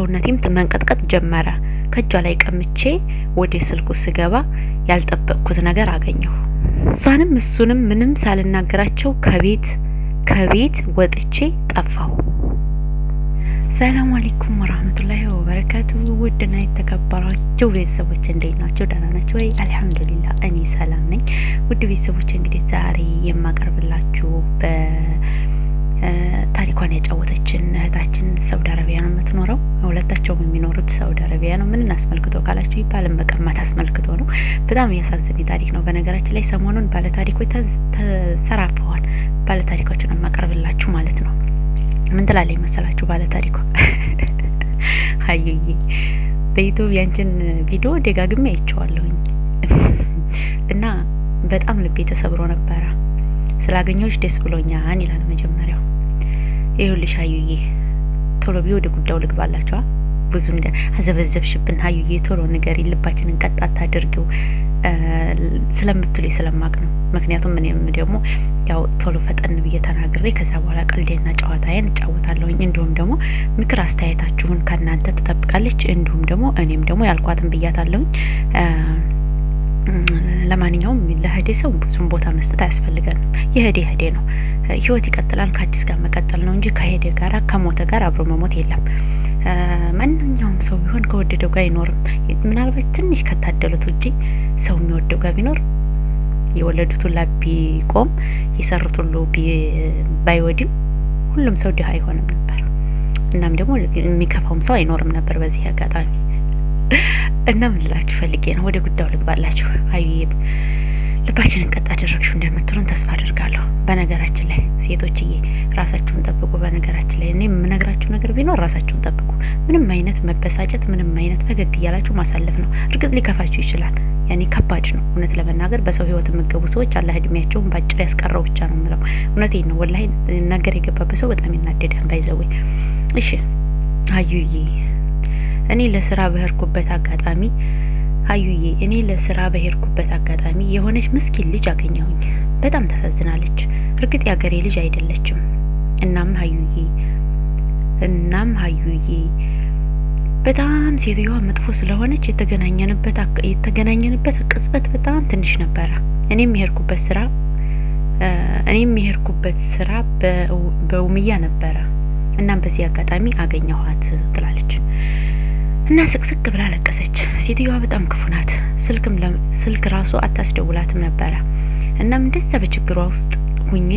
ሰውነቴም መንቀጥቀጥ ጀመረ። ከእጇ ላይ ቀምቼ ወደ ስልኩ ስገባ ያልጠበቅኩት ነገር አገኘሁ። እሷንም እሱንም ምንም ሳልናገራቸው ከቤት ከቤት ወጥቼ ጠፋሁ። ሰላም አለይኩም ወራህመቱላሂ ወበረካቱ። ውድና የተከበራችሁ ቤተሰቦች እንዴት ናቸው? ደህና ናቸው ወይ? አልሐምዱሊላ እኔ ሰላም ነኝ። ውድ ቤተሰቦች እንግዲህ ዛሬ የማቀርብላችሁ በ ታሪኳን ያጫወተችን እህታችን ሳውዲ አረቢያ ነው የምትኖረው። ሁለታቸውም የሚኖሩት ሳውዲ አረቢያ ነው። ምንን አስመልክቶ ካላቸው ይባልን መቀማት አስመልክቶ ነው። በጣም የሚያሳዝን ታሪክ ነው። በነገራችን ላይ ሰሞኑን ባለታሪኮች ተሰራፈዋል። ባለታሪኮችን የማቀርብላችሁ ማለት ነው። ምን ትላለች መሰላችሁ ባለታሪኮ ሀዩዬ በዩቱብ ያንችን ቪዲዮ ደጋግሜ አይቼዋለሁኝ እና በጣም ልቤ ተሰብሮ ነበረ። ስላገኘሁሽ ደስ ብሎኛል ይላል መጀመሪያው። ይኸውልሽ ሀዩዬ ቶሎ ቢ ወደ ጉዳዩ ልግባላችኋ። ብዙ አዘበዘብሽብን ሀዩዬ፣ ቶሎ ንገሪ፣ ልባችንን ቀጥ አታድርጊው ስለምትሉኝ ስለማቅ ነው። ምክንያቱም እኔም ደግሞ ያው ቶሎ ፈጠን ብዬ ተናግሬ ከዛ በኋላ ቀልዴና ጨዋታዬን እጫወታለሁኝ። እንዲሁም ደግሞ ምክር አስተያየታችሁን ከእናንተ ትጠብቃለች። እንዲሁም ደግሞ እኔም ደግሞ ያልኳትን ብያታለሁኝ። ለማንኛውም ለህዴ ሰው ብዙም ቦታ መስጠት አያስፈልገንም። የህዴ ህዴ ነው። ህይወት ይቀጥላል። ከአዲስ ጋር መቀጠል ነው እንጂ ከሄዴ ጋር ከሞተ ጋር አብሮ መሞት የለም። ማንኛውም ሰው ቢሆን ከወደደው ጋር አይኖርም። ምናልባት ትንሽ ከታደሉት ውጪ ሰው የሚወደው ጋር ቢኖር የወለዱት ሁላ ቢቆም የሰሩት ሁሉ ባይወድም ሁሉም ሰው ድሀ አይሆንም ነበር። እናም ደግሞ የሚከፋውም ሰው አይኖርም ነበር በዚህ አጋጣሚ እና ምን ልላችሁ ፈልጌ ነው ወደ ጉዳዩ ልግባላችሁ። ሀዩዬም ልባችንን ቀጥ አደረግሹ እንደምትሉን ተስፋ አደርጋለሁ። በነገራችን ላይ ሴቶችዬ ራሳችሁን ጠብቁ። በነገራችን ላይ እኔ የምነግራችሁ ነገር ቢኖር ራሳችሁን ጠብቁ። ምንም አይነት መበሳጨት፣ ምንም አይነት ፈገግ እያላችሁ ማሳለፍ ነው። እርግጥ ሊከፋችሁ ይችላል። ያኔ ከባድ ነው። እውነት ለመናገር በሰው ህይወት የምገቡ ሰዎች አላህ እድሜያቸውን በአጭር ያስቀረው ብቻ ነው ምለው። እውነቴን ነው ወላሂ። ነገር የገባበት ሰው በጣም ይናደዳል። ባይዘዌ እሺ አዩዬ እኔ ለስራ በሄድኩበት አጋጣሚ አዩዬ እኔ ለስራ በሄድኩበት አጋጣሚ የሆነች ምስኪን ልጅ አገኘሁኝ። በጣም ታሳዝናለች። እርግጥ የሀገሬ ልጅ አይደለችም። እናም አዩዬ እናም አዩዬ በጣም ሴትዮዋ መጥፎ ስለሆነች የተገናኘንበት ቅጽበት በጣም ትንሽ ነበረ። እኔ የሄድኩበት ስራ እኔ የሄድኩበት ስራ በውምያ ነበረ። እናም በዚህ አጋጣሚ አገኘኋት ትላለች። እና ስቅስቅ ብላ ለቀሰች። ሴትዮዋ በጣም ክፉ ናት። ስልክም ስልክ ራሱ አታስደውላትም ነበረ። እናም እንደዛ በችግሯ ውስጥ ሁኜ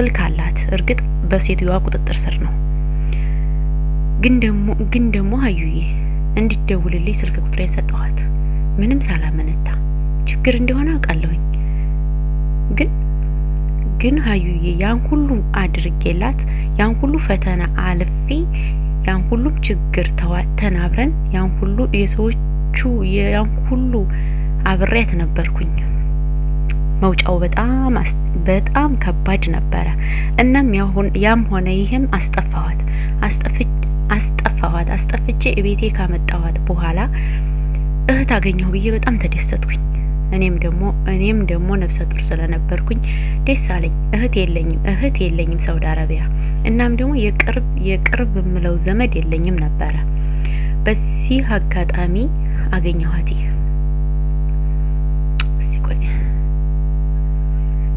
ስልክ አላት። እርግጥ በሴትዮዋ ቁጥጥር ስር ነው፣ ግን ደግሞ ግን ደግሞ ሀዩዬ እንዲደውልልኝ ስልክ ቁጥሬን ሰጠኋት። ምንም ሳላመነታ ችግር እንደሆነ አውቃለሁኝ፣ ግን ግን ሀዩዬ ያን ሁሉ አድርጌላት ያን ሁሉ ፈተና አልፌ ያን ሁሉ ችግር ተዋተን አብረን ያን ሁሉ የሰዎቹ ያን ሁሉ አብሬያት ነበርኩኝ። መውጫው በጣም በጣም ከባድ ነበረ። እናም ያም ሆነ ይህም አስጠፋዋት አስጠፋዋት አስጠፍቼ እቤቴ ካመጣዋት በኋላ እህት አገኘሁ ብዬ በጣም ተደሰትኩኝ። እኔም ደግሞ እኔም ደግሞ ነብሰ ጡር ስለነበርኩኝ ደስ አለኝ። እህት የለኝም እህት የለኝም ሳውዲ አረቢያ። እናም ደግሞ የቅርብ የቅርብ የምለው ዘመድ የለኝም ነበረ። በዚህ አጋጣሚ አገኘኋት።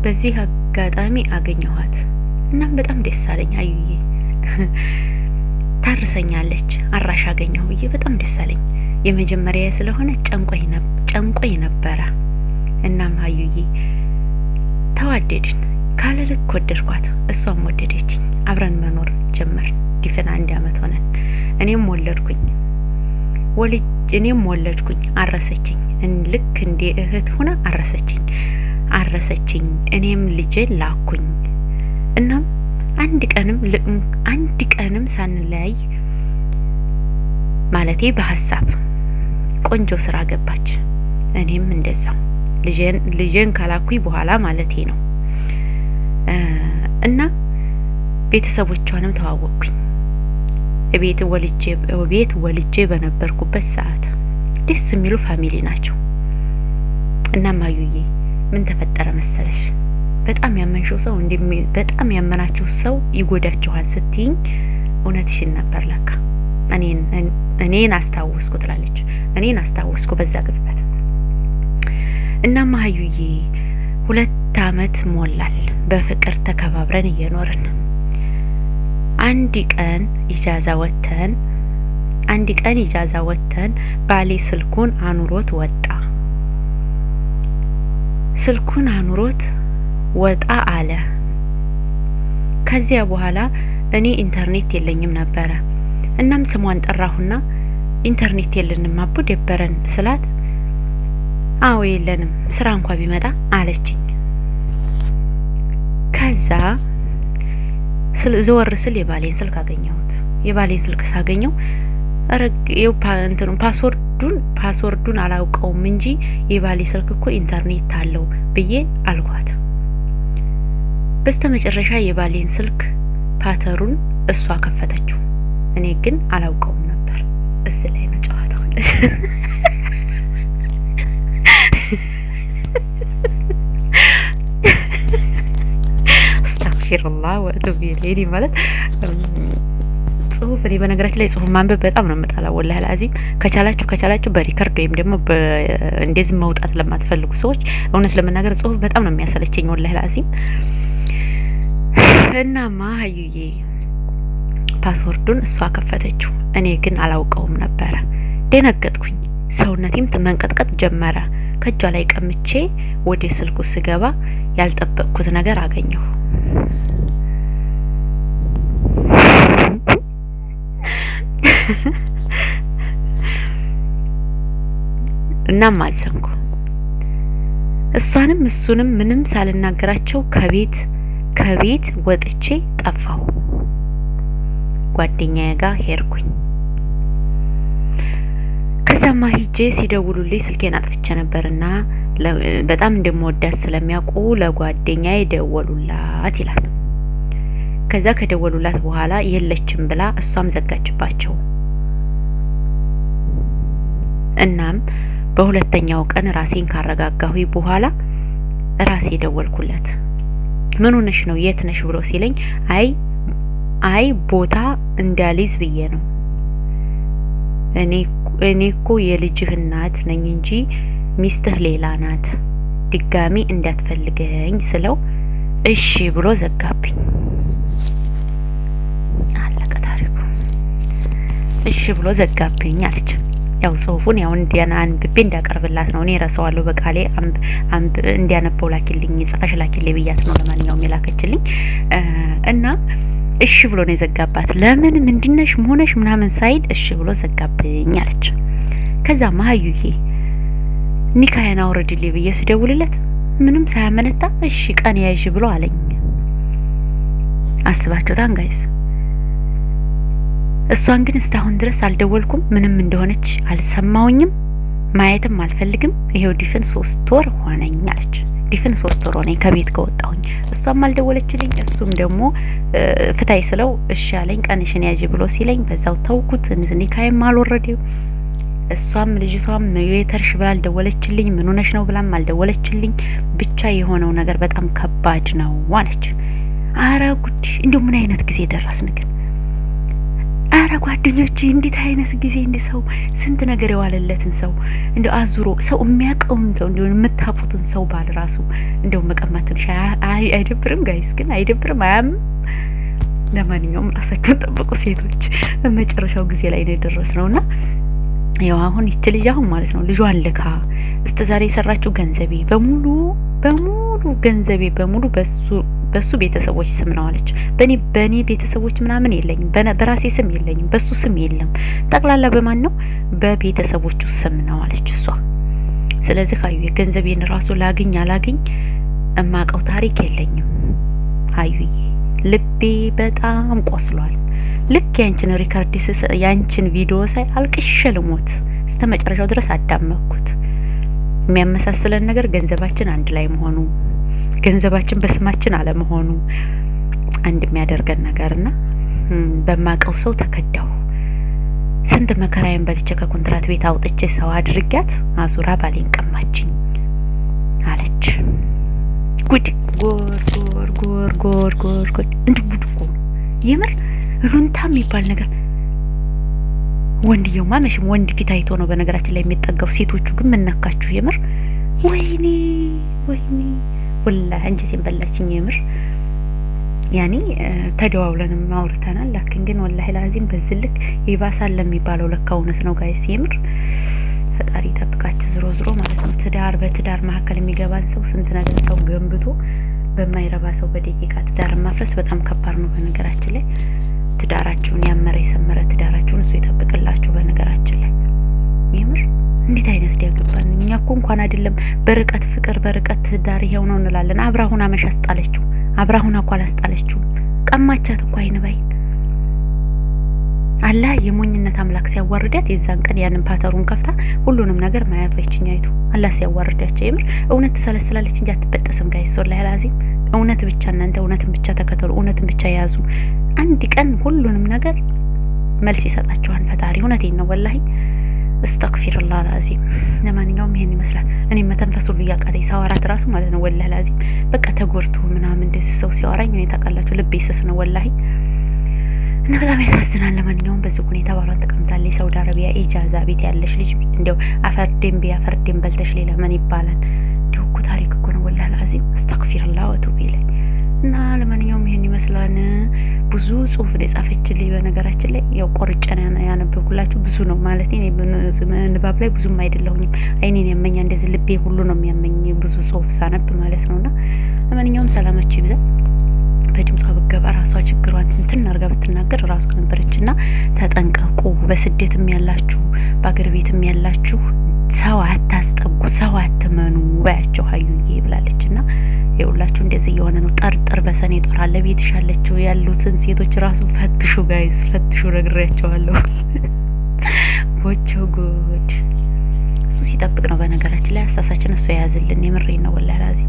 በዚህ አጋጣሚ አገኘኋት። እናም በጣም ደስ አለኝ። አዩዬ ታርሰኛለች አራሽ አገኘሁ ብዬ በጣም ደስ አለኝ። የመጀመሪያ ስለሆነ ጨንቆኝ ነበረ። እናም ሀዩዬ ተዋደድን፣ ካለልክ ወደድኳት፣ እሷም ወደደችኝ። አብረን መኖር ጀመር። ዲፈን አንድ አመት ሆነን። እኔም ወለድኩኝ ወልጅ እኔም ወለድኩኝ። አረሰችኝ፣ ልክ እንደ እህት ሆና አረሰችኝ አረሰችኝ። እኔም ልጄ ላኩኝ። እናም አንድ ቀንም አንድ ቀንም ሳንለያይ ማለቴ በሀሳብ ቆንጆ ስራ ገባች። እኔም እንደዛው ልጄን ካላኩኝ በኋላ ማለት ነው። እና ቤተሰቦቿንም ተዋወቅኩኝ። ቤት ወልጄ ቤት ወልጄ በነበርኩበት ሰዓት ደስ የሚሉ ፋሚሊ ናቸው። እና ማዩዬ ምን ተፈጠረ መሰለሽ በጣም ያመንሽው ሰው በጣም ያመናችሁ ሰው ይጎዳችኋል ስትይኝ እውነትሽን ነበር ለካ እኔን እኔን አስታወስኩ ትላለች። እኔን አስታወስኩ በዛ ቅጽበት እናም አህዩዬ ሁለት አመት ሞላል በፍቅር ተከባብረን እየኖርን። አንድ ቀን ኢጃዛ ወጥተን አንድ ቀን ኢጃዛ ወጥተን ባሌ ስልኩን አኑሮት ወጣ። ስልኩን አኑሮት ወጣ አለ። ከዚያ በኋላ እኔ ኢንተርኔት የለኝም ነበረ። እናም ስሟን ጠራሁና ኢንተርኔት የለንም አቡ ደበረን ስላት አዎ የለንም፣ ስራ እንኳ ቢመጣ አለችኝ። ከዛ ዘወር ስል የባሌን ስልክ አገኘሁት። የባሌን ስልክ ሳገኘው እንትኑ ፓስወርዱን ፓስወርዱን አላውቀውም እንጂ የባሌ ስልክ እኮ ኢንተርኔት አለው ብዬ አልኳት። በስተመጨረሻ የባሌን ስልክ ፓተሩን እሷ ከፈተችው፣ እኔ ግን አላውቀውም ነበር። እዚህ ላይ ነው ጨዋታው። አስተግፊሩላህ ወእቱብ ኢለይህ ማለት ጽሁፍ እኔ በነገራችን ላይ ጽሁፍ ማንበብ በጣም ነው የምጣላ። ወላሂ አዚም ከቻላችሁ ከቻላችሁ በሪከርድ ወይም ደግሞ እንደዚህ መውጣት ለማትፈልጉ ሰዎች እውነት ለመናገር ጽሁፍ በጣም ነው የሚያሰለቸኝ። ወላሂ አዚም እናማ ሀዩዬ ፓስወርዱን እሷ ከፈተችው፣ እኔ ግን አላውቀውም ነበረ። ደነገጥኩኝ፣ ሰውነቴም መንቀጥቀጥ ጀመረ። ከእጇ ላይ ቀምቼ ወደ ስልኩ ስገባ ያልጠበቅኩት ነገር አገኘሁ። እናም አዘንኩ። እሷንም እሱንም ምንም ሳልናገራቸው ከቤት ከቤት ወጥቼ ጠፋሁ። ጓደኛዬ ጋር ሄድኩኝ። ከዛማ ሂጄ ሲደውሉልኝ ስልኬን አጥፍቼ ነበርና በጣም እንደምወዳት ስለሚያውቁ ለጓደኛ ደወሉላት ይላል። ከዛ ከደወሉላት በኋላ የለችም ብላ እሷም ዘጋችባቸው። እናም በሁለተኛው ቀን ራሴን ካረጋጋሁ በኋላ ራሴ ደወልኩለት። ምን ሆነሽ ነው? የት ነሽ? ብሎ ሲለኝ አይ አይ ቦታ እንዳሊዝ ብዬ ነው እኔ እኔ እኮ የልጅህ እናት ነኝ እንጂ ሚስትህ ሌላ ናት፣ ድጋሚ እንዳትፈልገኝ ስለው እሺ ብሎ ዘጋብኝ። አለቀ ታሪኩ። እሺ ብሎ ዘጋብኝ አለች። ያው ጽሁፉን ያው እንዲያና አንብቤ እንዳቀርብላት ነው። እኔ ረሳዋለሁ በቃሌ አንብ እንዲያነበው ላኪልኝ፣ ጽፈሽ ላኪልኝ ብያት ነው ለማንኛውም የላከችልኝ እና እሺ ብሎ ነው የዘጋባት። ለምን ምንድነሽ መሆነሽ ምናምን ሳይል እሺ ብሎ ዘጋብኝ አለች። ከዛ ማህዩዬ ኒካያን አውረድልኝ ብዬ ስደውልለት ምንም ሳያመነታ እሺ ቀን ያይሽ ብሎ አለኝ። አስባችሁታን ጋይስ። እሷን ግን እስካሁን ድረስ አልደወልኩም። ምንም እንደሆነች አልሰማውኝም። ማየትም አልፈልግም። ይሄው ዲፍን ሶስት ወር ሆነኝ አለች። ዲፍን ሶስት ወር ሆነኝ ከቤት ከወጣሁኝ። እሷም አልደወለችልኝ። እሱም ደግሞ ፍታይ ስለው እሺ አለኝ። ቀንሽን ያዥ ብሎ ሲለኝ በዛው ተውኩት። ኒካይም አልወረደው እሷም ልጅቷም ዌይተርሽ ብላ አልደወለችልኝ፣ ምን ሆነሽ ነው ብላም አልደወለችልኝ። ብቻ የሆነው ነገር በጣም ከባድ ነው አለች። አረ ጉድ! እንዲሁ ምን አይነት ጊዜ ደረስን ግን! አረ ጓደኞቼ፣ እንዴት አይነት ጊዜ! እንዲ ሰው ስንት ነገር የዋለለትን ሰው እንዲ አዙሮ ሰው የሚያውቀውን ሰው እንዲ የምታውቁትን ሰው ባል ራሱ እንደው መቀማት ትንሽ አይደብርም? ጋይስ ግን አይደብርም? አያምም? ለማንኛውም ራሳችሁን ጠብቁ ሴቶች፣ በመጨረሻው ጊዜ ላይ ነው የደረስነው እና ያው አሁን ይች ልጅ አሁን ማለት ነው ልጇን ልካ እስከ ዛሬ የሰራችው ገንዘቤ በሙሉ በሙሉ ገንዘቤ በሙሉ በሱ በሱ ቤተሰቦች ስም ነው አለች። በኔ በኔ ቤተሰቦች ምናምን የለኝም፣ በራሴ ስም የለኝም፣ በሱ ስም የለም። ጠቅላላ በማን ነው? በቤተሰቦቹ ስም ነው አለች እሷ። ስለዚህ አዩ ገንዘቤን ራሱ ላግኝ አላግኝ እማቀው ታሪክ የለኝም። ሀዩዬ ልቤ በጣም ቆስሏል። ልክ ያንቺን ሪከርድ ስስ ያንቺን ቪዲዮ ሳይ አልቅሽ ልሞት እስተ መጨረሻው ድረስ አዳመኩት። የሚያመሳስለን ነገር ገንዘባችን አንድ ላይ መሆኑ፣ ገንዘባችን በስማችን አለመሆኑ አንድ የሚያደርገን ነገርና በማቀው ሰው ተከዳሁ። ስንት መከራዬን በልቼ ከኮንትራት ቤት አውጥቼ ሰው አድርጊያት አዙራ ባሌን ቀማችኝ አለች። ጉድ ጎር ጎር ጎር ጎር ጎር ጎር እንድ ጉድ እኮ የምር ሩንታ የሚባል ነገር ወንድየውማ መቼም ወንድ ፊት አይቶ ነው በነገራችን ላይ የሚጠጋው። ሴቶቹ ግን ምነካችሁ? የምር ወይኔ ወይኔ ወላ አንጀቴን በላችኝ። የምር ያኔ ተደዋውለንም አውርተናል። ላኪን ግን ወላ ላዚም በዝልክ ይባሳል ለሚባለው ለካ እውነት ነው ጋይስ። የምር ፈጣሪ ይጠብቃችሁ። ዝሮ ዝሮ ማለት ነው ትዳር በትዳር መካከል የሚገባን ሰው ስንት ነገር ሰው ገንብቶ በማይረባ ሰው በደቂቃ ትዳር ማፍረስ በጣም ከባድ ነው በነገራችን ላይ ትዳራችሁን ያመረ የሰመረ ትዳራችሁን እሱ ይጠብቅላችሁ። በነገራችን ላይ ይምር እንዴት አይነት ሊያገባን እኛ እኮ እንኳን አይደለም በርቀት ፍቅር በርቀት ትዳር ይሄው ነው እንላለን። አብራሁን አመሽ አስጣለችው። አብራሁን አኳ አላስጣለችውም። ቀማቻት እኮ አይንባይ አላህ የሞኝነት አምላክ ሲያዋርዳት የዛን ቀን ያንን ፓተሩን ከፍታ ሁሉንም ነገር ማያቷ ይችኛይቱ አላህ ሲያዋርዳቸው የምር እውነት ትሰለስላለች እንጂ አትበጠስም። ጋይሶ ላይ አላዚም እውነት ብቻ እናንተ እውነትን ብቻ ተከተሉ፣ እውነትን ብቻ ያዙ። አንድ ቀን ሁሉንም ነገር መልስ ይሰጣችኋል ፈጣሪ። እውነቴን ነው ወላሂ። እስተክፊርላ ላዚም። ለማንኛውም ይሄን ይመስላል። እኔ መተንፈስ ሁሉ እያቃተኝ ሳወራት ራሱ ማለት ነው ወላሂ ላዚም። በቃ ተጎድቶ ምናምን እንደዚህ ሰው ሲያወራኝ እኔ ታውቃላችሁ ልቤ ስስ ነው ወላሂ እና በጣም ያሳዝናል። ለማንኛውም በዚህ ሁኔታ ባሏን ተቀምጣለች። የሳውዲ አረቢያ ኢጃዛ ቤት ያለች ልጅ እንዲያው አፈር ደንብ አፈር ደንብ በልተሽ ሌላ ምን ይባላል? እኮ ታሪክ እኮ ነው። ወላሂ አልዓዚም አስተግፊርላ ወቱብ ኢለይ እና ለማንኛውም ይሄን ይመስላል። ብዙ ጽሁፍ ላይ ጻፈችልኝ። በነገራችን ላይ ያው ቆርጬ ያነበብኩላችሁ ብዙ ነው ማለት ንባብ ላይ ብዙም አይደለሁኝም። አይኔን ያመኛ እንደዚህ ልቤ ሁሉ ነው የሚያመኝ ብዙ ጽሁፍ ሳነብ ማለት ነው። ነውና ለማንኛውም ሰላማችሁ ይብዛ። በድምጿ ብገባ ራሷ ችግሯን ትንትን አድርጋ ብትናገር ራሷ ነበረች እና ተጠንቀቁ። በስደትም ያላችሁ በአገር ቤትም ያላችሁ ሰው አታስጠጉ፣ ሰው አትመኑ በያቸው ሀዩዬ ብላለች። እና የሁላችሁ እንደዚህ እየሆነ ነው። ጠርጥር በሰኔ ጦር አለ ቤትሽ አለችው ያሉትን ሴቶች ራሱ ፈትሹ፣ ጋይስ፣ ፈትሹ፣ ነግሬያቸዋለሁ። ቦቸው ጉድ እሱ ሲጠብቅ ነው። በነገራችን ላይ አሳሳችን እሱ የያዝልን። የምሬ ነው ወላሂ